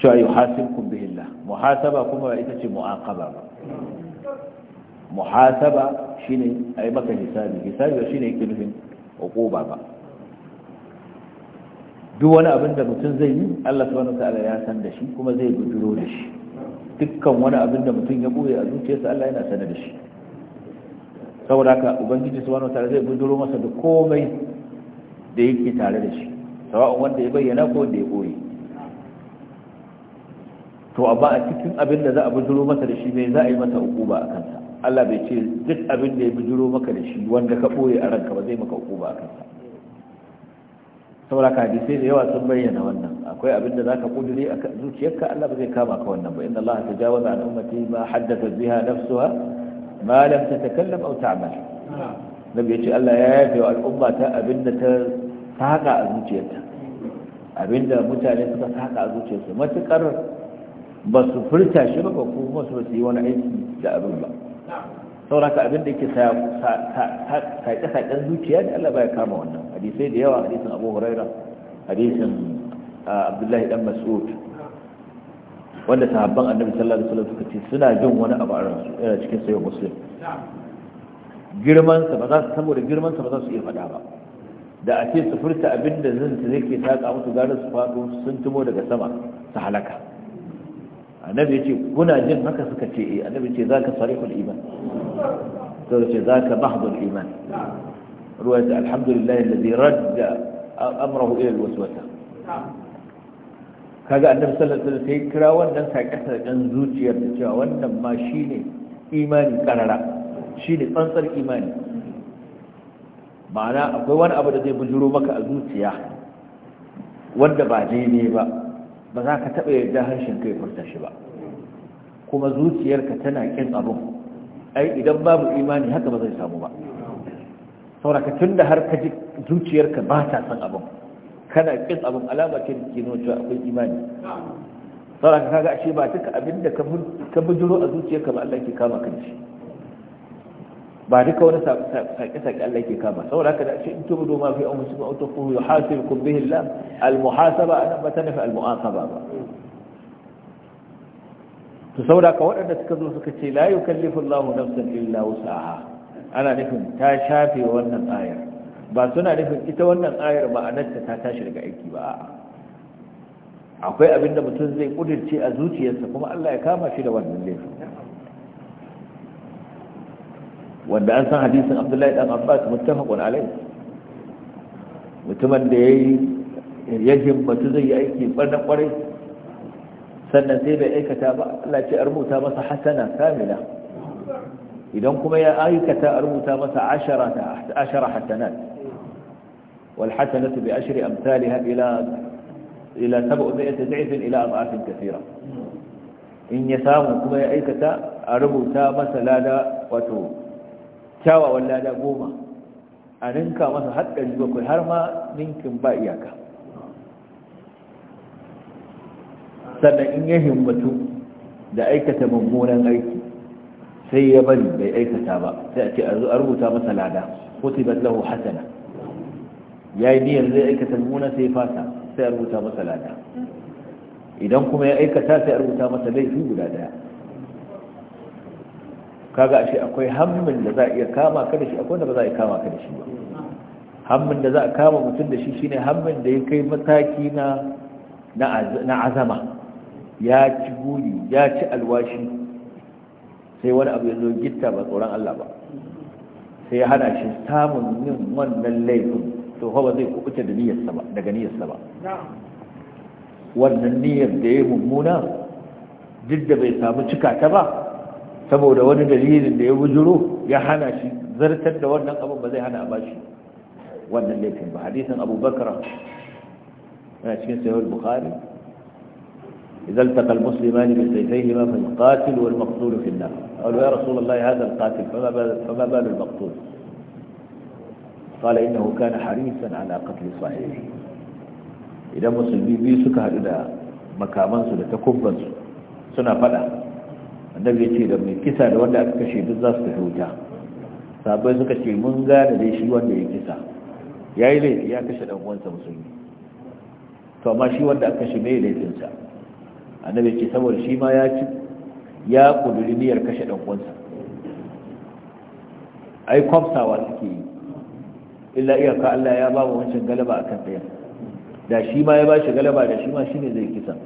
cewa yuhasibkum bihillah muhasaba kuma ita ce mu'aqaba ba muhasaba shine yi maka hisabi hisabi shine yake nufin ba ba duk wani abin da mutum zai yi Allah subhanahu ta'ala ya san da shi kuma zai bujuro da shi dukkan wani abin da mutum ya boye a zuciyarsa Allah yana sanar da shi saboda haka ubangiji subhanahu ta'ala zai bujuro masa da komai da yake tare da shi sawa'un wanda ya bayyana ko wanda ya boye to amma a cikin abin da za a bujuro masa da shi ne za a yi masa hukuma a kansa Allah bai ce duk abin da ya bujuro maka da shi wanda ka boye a ranka ba zai maka hukuma a kansa saboda ka hadisai da yawa sun bayyana wannan akwai abin da zaka kudure a zuciyarka Allah ba zai kama ka wannan ba inna Allah tajawaza an ummati ma haddatha biha nafsuha ma lam tatakallam aw ta'mal nabi yace Allah ya yafe wa al'umma ta abin da ta saka a zuciyarta abin da mutane suka saka a zuciyarsu matukar ba su furta shi ba kuma su yi wani aiki da abin ba saboda ka abin da yake sa sa sa zuciya Allah ya kama wannan hadisai da yawa hadisin abu huraira hadisin abdullahi dan mas'ud wanda sahabban annabi sallallahu alaihi wasallam suka ce suna jin wani abu a cikin sayo muslim girman sa ba za su saboda girman sa ba za su iya faɗa ba da a ce su furta abin da zan ta zai ke saka musu gane su faɗo sun tumo daga sama su halaka annabi ya ce kuna jin haka suka ce eh annabi ya ce zaka sarihul iman sai ya ce ka mahdul iman رواية الحمد لله الذي رد أمره إلى الوسوسة kaga annabi sallallahu alaihi wasallam sai kira wannan sakasa dan zuciyar da cewa wannan ma shine imani karara shine tsantsar imani ma'ana akwai wani abu da zai bujuro maka a zuciya wanda ba daidai ba ba za ka taɓa yarda harshen kai furta shi ba kuma zuciyarka tana kin abun ai idan babu imani haka ba zai samu ba Saura ka tun da har ka ji zuciyarka ba ta san abin kana kin abin alama ce da ke nuna cewa akwai imani ka kaga ashe ba duka abin da ka bujuro a zuciyarka ba Allah ke kama kan shi ba duka wani saƙe-saƙe Allah ke kama saura ka da ashe in tubu ma fi an musulmi auto ku yi hasib kun bihi Allah al-muhasaba ana ba ta nufi al-mu'asaba ba to saura ka waɗanda suka zo suka ce la yukallifu Allahu nafsan illa wusaha ana nufin ta shafe wannan ayar ba suna nufin ita wannan ayar ma'anarta ta tashi daga aiki ba akwai abin da mutum zai kudirce a zuciyarsa kuma Allah ya kama shi da wannan laifin wanda an san hadisin Abdullahi dan Abbas muttafaqun alai mutumin da yayi yajin mutum zai yi aiki barnan kwarai sannan sai bai aikata ba Allah ya ce a rubuta masa hasana kamila idan kuma ya aikata a rubuta masa ashara hasanat wal hasanatu bi ashri amsalha ila ila 700 da'ifin ila adafin kathira in ya samu kuma ya aikata a rubuta masa lada wato kyawawan lada goma a ninka masa haddari bakwai har ma ninkin ba iyaka sannan in ya himmatu da aikata mummunan aiki sai ya bari bai aikata ba sai a ce a rubuta masa lada kutibat lahu hasana yayi niyyar zai aikata mummuna sai ya fasa sai a rubuta masa lada idan kuma ya aikata sai a rubuta masa laifi guda daya kaga ashe akwai hammin da za a iya kama ka da shi akwai da ba za a iya kama ka da shi ba hammin da za a kama mutum da shi shine hammin da ya kai mataki na na azama ya ci guri ya ci alwashi sai wani abu ya zo gitta ba tsoron Allah ba sai ya hana shi samun yin wannan laifin to hawa zai kuɓuta da niyyarsa ba daga niyyarsa ba wannan niyyar da ya mummuna duk da bai samu cika ta ba saboda wani dalilin da ya bujuro ya hana shi zartar da wannan abin ba zai hana ba shi wannan laifin ba hadisin abubakar yana cikin sayar bukhari إذا التقى المسلمان بسيفيهما فالقاتل والمقتول في النار قالوا يا رسول الله هذا القاتل فما بال فما بال المقتول قال إنه كان حريصا على قتل صاحبه إذا ذ ا مسلمين بيسك ه ذ مكامن س ن سنه فلا النبي يشير من كسى لولا اكتشف بالزاز في حوجه فابو يسك شيء منزع لذي شيء ولا يكسى يا اليه يا كشف اموال المسلمين فما شيء ولا اكتشف به ليتنسى annabi ce saboda shi ma ya ci ya kuduri niyar kashe dan uwansa ai kwafsawa suke yi illa iyaka Allah ya ba mu wancan galaba a kan ɗayan da shi ma ya ba shi galaba da shi ma shi ne zai kisa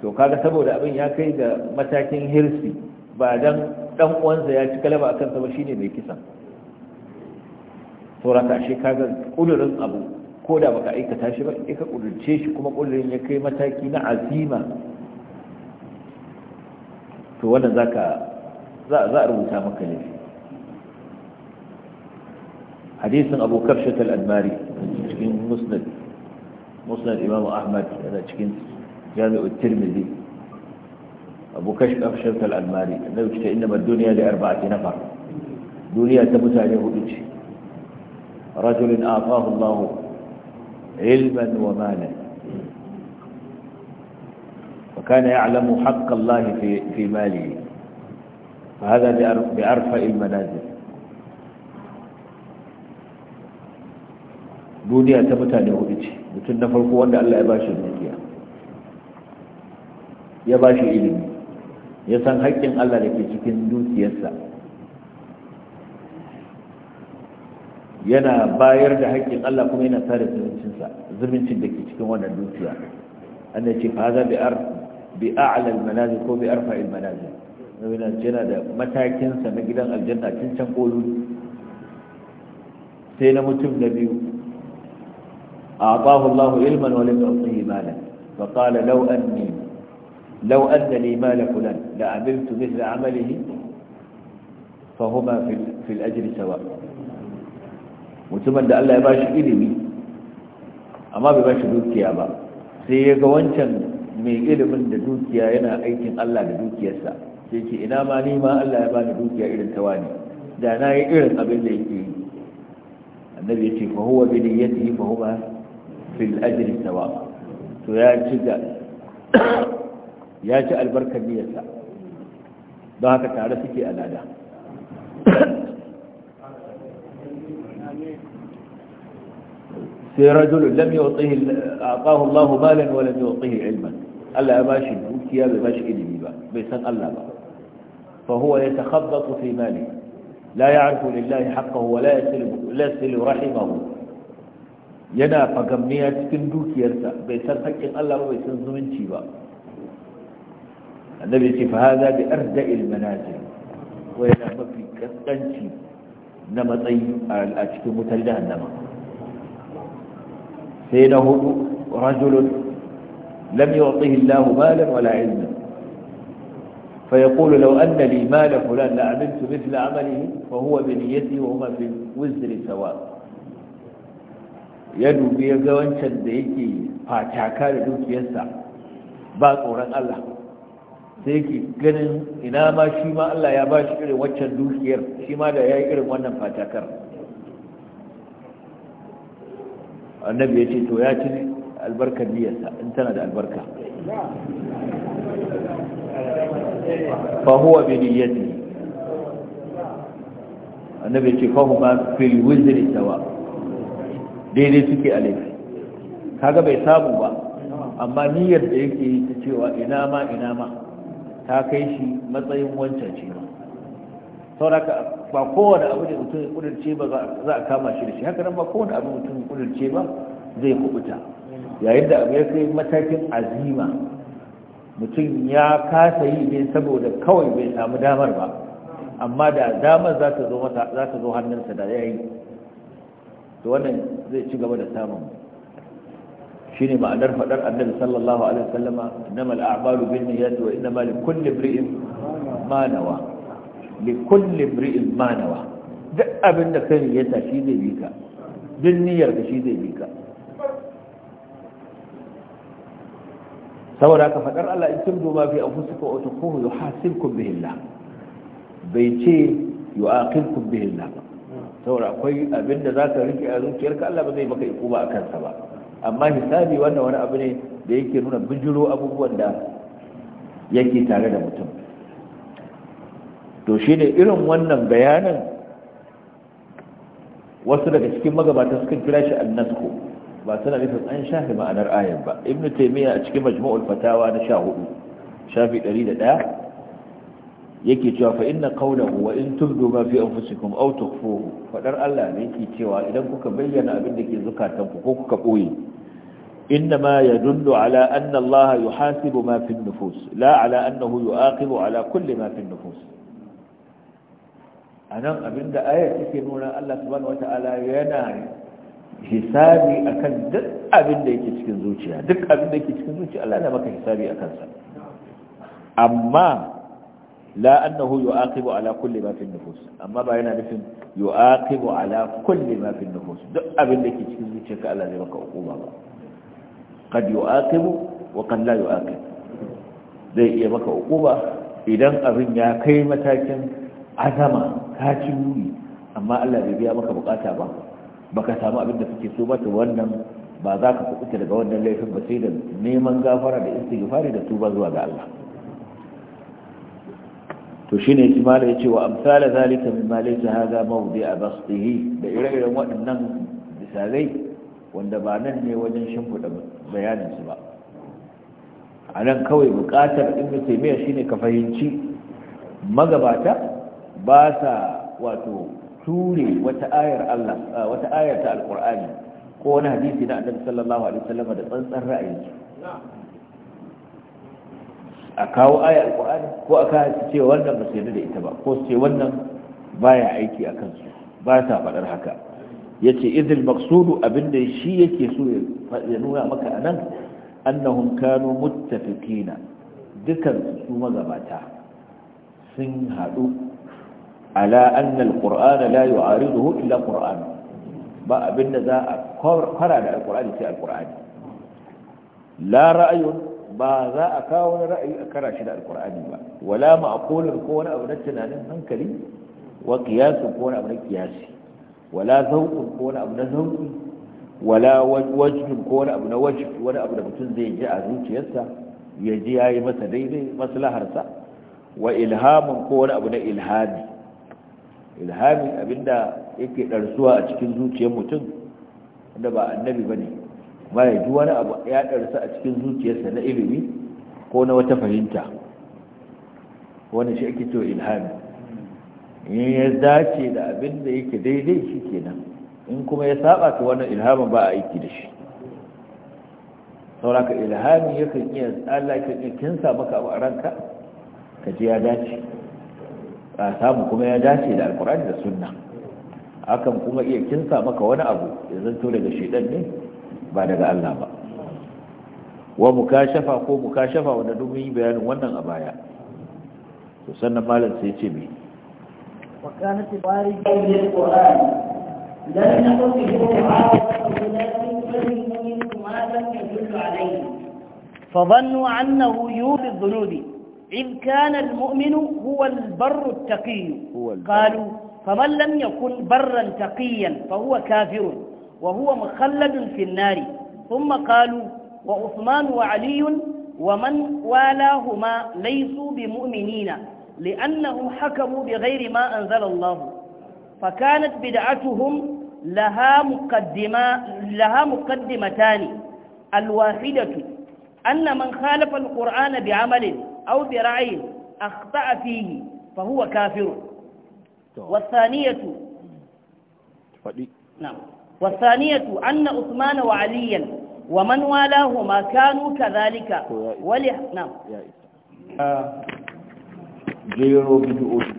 to kaga saboda abin ya kai ga matakin hirsi ba dan dan uwansa ya ci galaba akan sa ba shine mai kisa saboda ka shi kaga kudurin abu ko da baka aikata shi ba in ka kudurce shi kuma kudurin ya kai mataki na azima to wannan zaka za a rubuta maka ne hadisin abu kafshat al-admari cikin musnad musnad imam ahmad yana cikin jami'u tirmidhi abu kafshat al-admari annabi ce inna ad-dunya li arba'ati nafar duniya ta mutane hudu ce rajulun a'tahu علما ومالا وكان يعلم حق الله في, في ماله فهذا بأرفع المنازل duniya ta mutane hudu ce mutum na farko wanda Allah ya bashi dukiya ya bashi ilimi ya san haƙƙin Allah da ke cikin dukiyarsa yana bayar da haƙƙin Allah kuma yana tare zumuncinsa zumuncin da ke cikin wannan dukiya an ce fa za bi ar bi a'la al manazil ko bi arfa al manazil yana yana da matakin sa na gidan aljanna tun can kolu sai na mutum da biyu a'tahu Allah ilman wa lam yu'tihi malan fa qala law anni law anna li mala fulan la amiltu mithla amalihi fa huma fi al ajri sawa' mutumin da Allah ya bashi ilimi amma bai bashi dukiya ba sai ya ga wancan mai ilimin da dukiya yana aikin Allah da dukiyarsa sai ce ina ma ni ma Allah ya bani dukiya irin ta wani da na yi irin abin da yake yi annabi ya ce fa huwa bi niyyatihi fa huwa fil ajri to ya ci da ya ci albarkar niyyarsa don haka tare suke alada sai rajulun lam yu'tihi a'tahu Allah malan wa lam yu'tihi ilman Allah ya bashi dukiya bai bashi ilimi ba bai san Allah ba fa huwa yatakhabbatu fi mali la ya'rifu lillahi haqqahu wa la yasilu la yasilu rahimahu yana fagamniya cikin dukiyarsa bai san haƙƙin ba bai san zumunci ba annabi ya ce mafi kaskanci na matsayi a cikin wutar jahannama sai na hudu rajulun lam yi watsi hillahu malin wala izinin fa ya kulu lau an da limanin na amintu mithla amali fa huwa bin yasi wa huma bin wuzri ya dubi ya ga wancan da yake fataka da dukiyarsa ba tsoron Allah sai yake ganin ina ma shi ma Allah ya ba shi irin waccan dukiyar shi ma da ya yi irin wannan fatakar annabi ya ce to ya ci albarkar niyyarsa in tana da albarka fahuwa huwa bi annabi ya ce fahu ma fil wizri sawa daidai suke a laifi kaga bai samu ba amma niyyar da yake yi ta cewa ina ma ina ma ta kai shi matsayin wancan ce ba sauraka ba kowane abu da mutum kudurce ba za a kama shi da shi haka nan ba kowane abu mutum kudurce ba zai kubuta yayin da abu ya kai matakin azima mutum ya kasa yi ne saboda kawai bai samu damar ba amma da damar za ta zo hannunsa da ya yi to wannan zai ci gaba da samun ne ma'anar fadar annabi sallallahu alaihi sallama, innamal a'malu binniyati wa innamal likulli imrin ma nawa likulli imrin ma nawa duk abin da kai niyyata shi zai bi ka duk niyyar ka shi zai bi ka saboda ka fadar Allah in tumdu ma fi anfusikum wa tuquhu yuhasibkum bihi Allah bai ce yu'aqibkum bihi Allah saboda akwai abin da zaka rike a zuciyarka Allah ba zai maka iko ba akan sa ba amma hisabi wannan wani abu ne da yake nuna bijiro abubuwan da yake tare da mutum to shi ne irin wannan bayanan wasu daga cikin magabata suka kira shi annasko ba suna nufin an shafi ma'anar ayar ba ibn taymiya a cikin majmu'ul fatawa na sha 14 shafi 101 yake cewa fa inna qawlahu wa in tubdu ma fi anfusikum aw tukhfuhu fadar Allah ne yake cewa idan kuka bayyana abin da ke zukatanku ko kuka boye inna ma yadullu ala anna Allah yuhasibu ma fi nufus la ala annahu yu'aqibu ala kulli ma fi nufus anan abinda ayat take nuna Allah subhanahu wata'ala yana hisabi akan duk abin da yake cikin zuciya duk abin da yake cikin zuciya Allah na maka hisabi akan sa amma la annahu yu'aqibu ala kulli ma fi nufus amma ba yana nufin yu'aqibu ala kulli ma fi nufus duk abin da ke cikin zuciyarka Allah zai maka hukuma ba qad yu'aqibu wa qad la yu'aqib zai iya maka hukuma idan abin ya kai matakin azama ka ci wuri amma Allah bai biya maka bukata ba baka samu abin da kake so ba to wannan ba za ka kuɓuta daga wannan laifin ba sai da neman gafara da istighfari da tuba zuwa ga Allah to shine kimala yace wa amsala zalika mimma laysa a mawdi'a bastihi da ire-iren waɗannan misalai wanda ba nan ne wajen shimfiɗa bayanin su ba a nan kawai buƙatar ibnu taymiya shine ka fahimci magabata ba sa wato ture wata ayar Allah wata ayar ta Alƙur'ani, ko wani hadisi na annabi sallallahu alaihi wasallam da tsantsan ra'ayi a kawo aya alkur'ani ko a kawo su ce wannan ba su yarda da ita ba ko su ce wannan baya aiki a kansu ba ta faɗar haka ya ce izil maksudu abinda shi yake so ya nuna maka a nan annahun Kano muttafiqina dukan su magabata sun haɗu ala anna alqur'ana la yu'ariduhu illa qur'an ba abinda za a fara da alqur'ani sai alqur'ani la ra'ayun ba za a kawo wani ra'ayi a kara shi da alkur'ani ba wala ma'qulun ko wani abu na tunanin hankali wa qiyasun ko wani abu na qiyasi wala zawqun ko wani abu na zawqi wala wajhun ko wani abu na wajh wani abu da mutum zai ji a zuciyarsa ya ji yayi masa daidai maslaharsa wa ilhamun ko wani abu na ilhami ilhami abinda yake darsuwa a cikin zuciyar mutum wanda ba annabi bane baya ya ji wani abu ya ɗarsa a cikin zuciyarsa na ilimi ko na wata fahimta wani shi ake cewa ilhami in ya dace da abin da yake daidai shi kenan in kuma ya saba ta wannan ilhamin ba a aiki da shi sauraka ilhami yakan iya Allah ka iya kinsa maka abu a ranka ka ji ya dace a samu kuma ya dace da alkurani da sunna akan kuma iya kinsa maka wani abu ya zanto daga shaidan ne ba daga Allah ba wa mukashafa ko mukashafa wanda duk mun yi bayanin wannan a baya to sannan malam sai ce me wa kana tibari bil ko lan naqifu فظنوا أنه يولي الذنوب إذ كان المؤمن هو البر التقي هو قالوا فمن لم يكن برا تقيا فهو كافر وهو مخلد في النار ثم قالوا وعثمان وعلي ومن والاهما ليسوا بمؤمنين لأنهم حكموا بغير ما أنزل الله فكانت بدعتهم لها, مقدمة لها مقدمتان الواحدة أن من خالف القرآن بعمل أو برعي أخطأ فيه فهو كافر والثانية نعم والثانية أن عثمان وعليا ومن والاهما كانوا كذلك ولح... نعم jero bid'o'i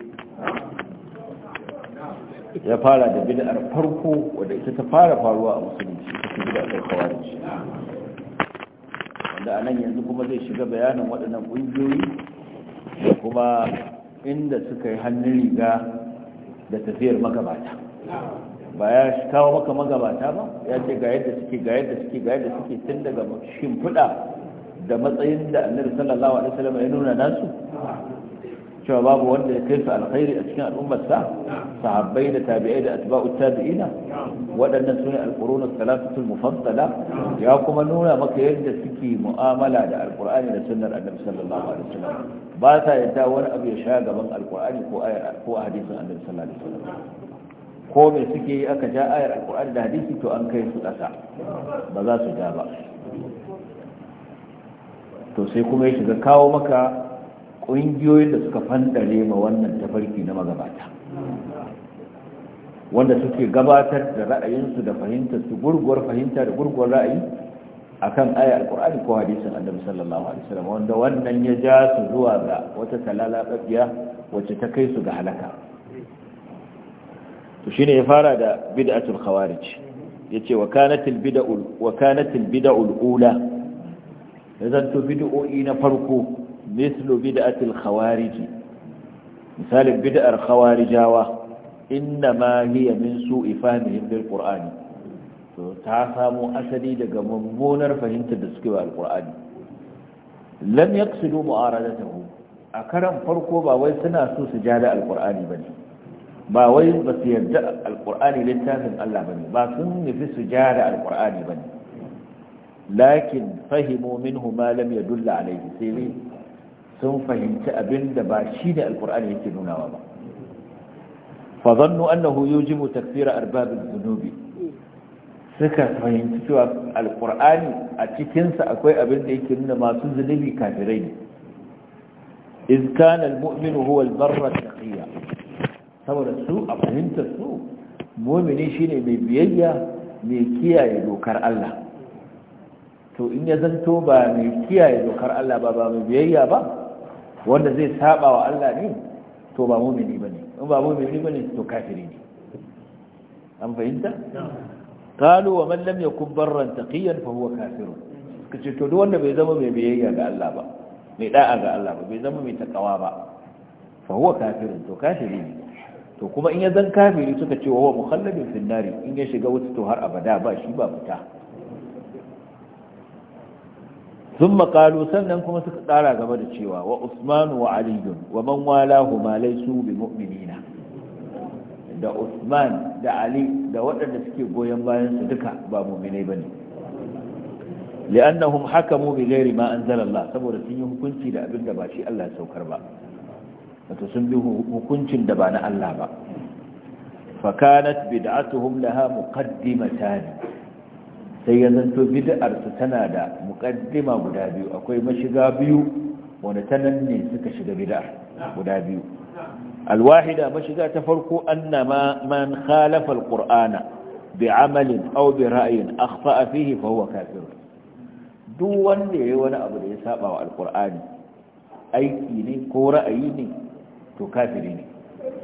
ya fara da bid'ar farko wadda ita ta fara faruwa a musulunci ta bid'ar khawarij wanda anan yanzu kuma zai shiga bayanin waɗannan ƙungiyoyi da kuma inda suka yi hannun riga da tafiyar magabata ba ya kawo maka magabata ba ya ce ga yadda suke ga yadda suke ga yadda suke tun daga shimfiɗa da matsayin da annabi sallallahu alaihi wasallam ya nuna nasu cewa babu wanda ya kai su alkhairi a cikin al'ummarsa sahabbai da tabi'ai da atba'u tabi'ina waɗannan sune alqurunus salasatul mufassala ya kuma nuna maka yadda suke mu'amala da alqur'ani da sunnar annabi sallallahu alaihi wasallam ba ta yadda wani abu ya sha gaban alqur'ani ko ayar ko hadisin annabi sallallahu alaihi wasallam ko me suke yi aka ja ayar alkur'ani da hadisi to an kai su ƙasa ba za su ja ba to sai kuma ya shiga kawo maka ƙungiyoyin da suka fandare ma wannan tafarki na magabata wanda suke gabatar da ra'ayinsu da fahimtar su gurguwar fahimta da gurguwar ra'ayi a kan aya alkur'ani ko hadisin annabi sallallahu alaihi wasallam wanda wannan ya ja su zuwa ga wata talalabbiya wacce ta kai su ga halaka to ne ya fara da bid'atul khawarij yace wa kanatil bid'ul wa kanatil bid'ul ula idan to bid'o'i na farko mislu bid'atil khawarij misalin bid'ar khawarijawa innama hiya min su'i fahmihim bil qur'ani to ta samu asali daga mummunar fahimtar da suke wa alqur'ani lam yaqsidu mu'aradatahu a karan farko ba wai suna so su ja Alƙur'ani ba bane ba wai ba su yarda alkur'ani littafin Allah bane ba sun nufi su jara alkur'ani bane lakin fahimu minhu ma lam yadulla alayhi sai ne sun fahimci abinda ba shi da alkur'ani yake nunawa ba fa zannu annahu yujibu takfira arbab adh-dhunubi suka fahimci cewa alkur'ani a cikin sa akwai abin da yake nuna masu zunubi kafirai ne iz kana al-mu'minu huwa al saboda su a fahimtar su mumini shine mai biyayya mai kiyaye dokar Allah to in ya zanto ba mai kiyaye dokar Allah ba ba mai biyayya ba wanda zai saba wa Allah ne to ba mumini bane in ba mumini bane to kafiri ne an fahimta qalu wa man lam yakun barran taqiyan fa huwa kafir kace to duk wanda bai zama mai biyayya ga Allah ba mai da'a ga Allah ba bai zama mai takawa ba fa huwa kafirun to kafiri ne to kuma in ya zan kafiri suka ce wa mukhallabin finnari in ya shiga wuta to har abada ba shi ba fita sun makalu sannan kuma suka tsara gaba da cewa wa usmanu wa aliyun wa man walahu ma laisu bi mu'minina da usman da ali da waɗanda suke goyon bayan su duka ba mu'minai bane li'annahum hakamu bi ghairi ma anzala saboda sun yi hukunci da abin da ba shi Allah ya saukar ba wato sun bi hukuncin da ba na Allah ba fakanat bid'atuhum laha muqaddimatan sai ya zanto bid'ar su tana da mukaddima guda biyu akwai mashiga biyu wanda ta nan ne suka shiga bid'ar guda biyu alwahida mashiga ta farko annama man Bi alqur'ana بعمل أو برأي أخطأ فيه فهو كافر duk wanda ya yi wani abu da ya saba wa alkur'ani aiki ne ko ra'ayi ne to kafiri ne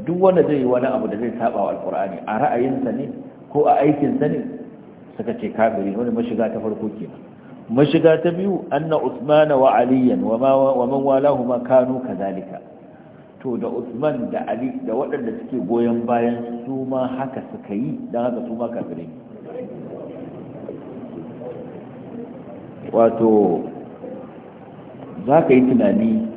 duk wanda zai yi wani abu da zai saba wa alkur'ani a ra'ayinsa ne ko a aikinsa ne suka ce kafiri wani mashiga ta farko kenan mashiga ta biyu anna usman wa aliyan wa man walahuma kanu kazalika to da usman da ali da waɗanda suke goyon bayan su ma haka suka yi don haka su ma kafirai wato za ka yi tunani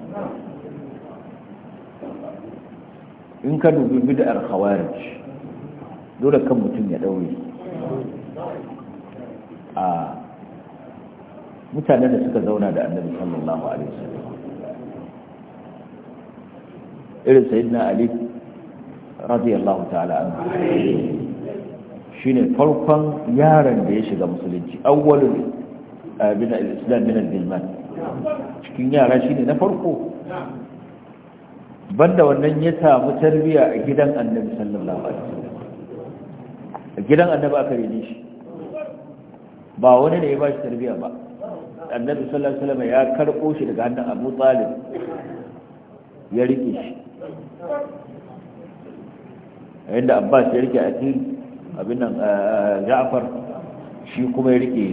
in ka dubi bid'ar khawarij dole kan mutum ya daure a mutanen da suka zauna da annabi sallallahu alaihi wasallam irin sayyidina ali radiyallahu ta'ala anhu shine farkon yaron da ya shiga musulunci awwalul abin eh, al-islam min al cikin yara shine na farko banda wannan ya samu tarbiya a gidan annabi sallallahu alaihi wasallam a gidan annabi aka rene shi ba wani ne ya ba shi tarbiya ba annabi sallallahu alaihi wasallam ya karbo shi daga hannun Abu Talib ya rike shi inda Abbas ya rike Atil abin nan eh, eh, Ja'far shi kuma ya rike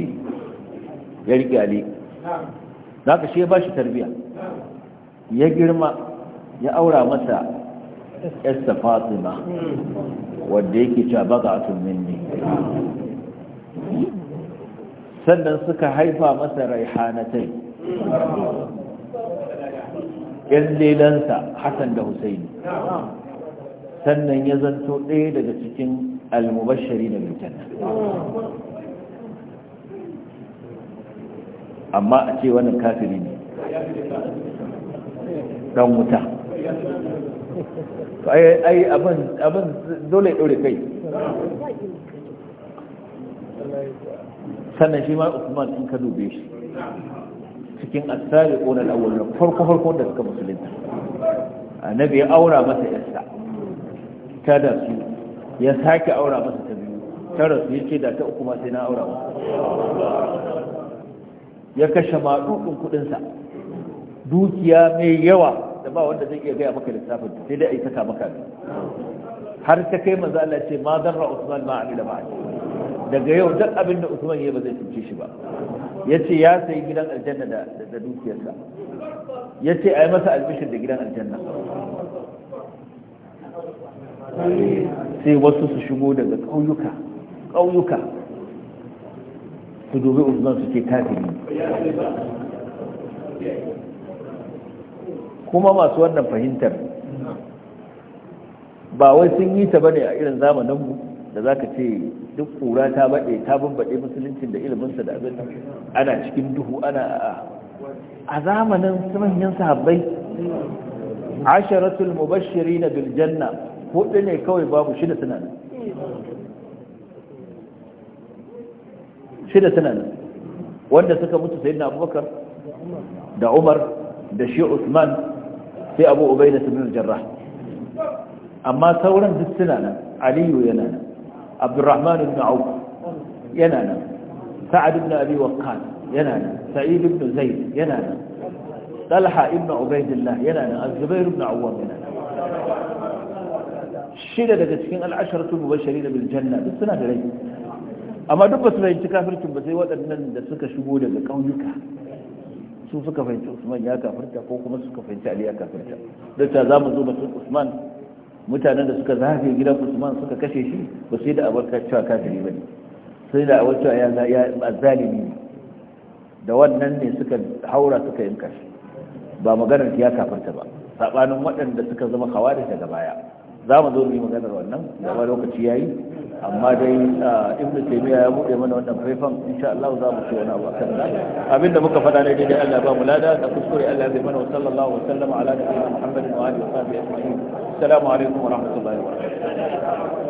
ya rike Ali zaka shi ya ba shi tarbiya ya girma ya aura masa yasta fatima wadda yake cewa bakatun minni sannan suka haifa masa raihanatai yan lelansa hassan da husaini sannan ya zanto ɗaya daga cikin almubashari da mutane amma a ce wannan kafiri ne ɗan wuta ai abin abin dole ya ɗaure kai sannan shi ma usman in ka dube shi cikin asali ƙonar awon na farko farko da suka musulunta annabi ya aura masa yarsa ta da su ya sake aura masa ta biyu ta rasu ya ce da ta uku ma sai na aura masa ya kashe maɗuɗin kuɗinsa dukiya mai yawa da ba wanda zai iya gaya maka littafin sai dai a yi saka maka har ta kai mazala Allah ce ma zarra Usman ma amila ba daga yau duk abin da Usman ya ba zai cuce shi ba yace ya sayi gidan aljanna da da dukiyarsa yace yi masa albishir da gidan aljanna sai wasu su shigo daga ƙauyuka ƙauyuka su dubi Usman su ce kafiri kuma masu wannan fahimtar ba wai sun yi ta bane a irin zamaninmu da za ka ce duk kura ta baɗe ta bambaɗe musuluncin da iliminsa da abin ana cikin duhu ana a A zamanin manyan sahabbai asharatul mubashiri na biljanna hudu ne kawai babu shida suna nan shida suna wanda suka mutu sai na abubakar da umar da shi usman sai abu ubaida ibn jarra amma sauran duk suna nan aliyu yana nan abdurrahman ibn auf yana nan sa'ad ibn abi waqqas yana nan sa'id ibn zaid yana nan talha ibn ubaidillah yana nan az-zubair ibn awwam yana nan shida daga cikin al'asharatu mubashirin bil janna duk suna da rai amma duk ba su fahimci kafircin ba sai waɗannan da suka shigo daga ƙauyuka su suka fahimci usman ya kafirta ko kuma suka fahimci ali ya kafirta da ta za mu zo batun usman mutanen da suka zafe gidan usman suka kashe shi ba sai da abarka cewa kafiri ba ne sai da abarka cewa ya zalimi ne da wannan ne suka haura suka yanka shi ba maganar ya kafirta ba sabanin waɗanda suka zama hawa daga baya za mu zo mu yi maganar wannan gaba lokaci yayi amma dai ibnu taymiya ya bude mana wannan faifan insha Allah za mu ci wani abu akan nan abinda muka faɗa ne dai Allah ba mu lada da kuskure Allah zai mana sallallahu alaihi wasallam ala nabiyina Muhammadin wa alihi wa sahbihi ajma'in assalamu alaikum wa rahmatullahi wa barakatuh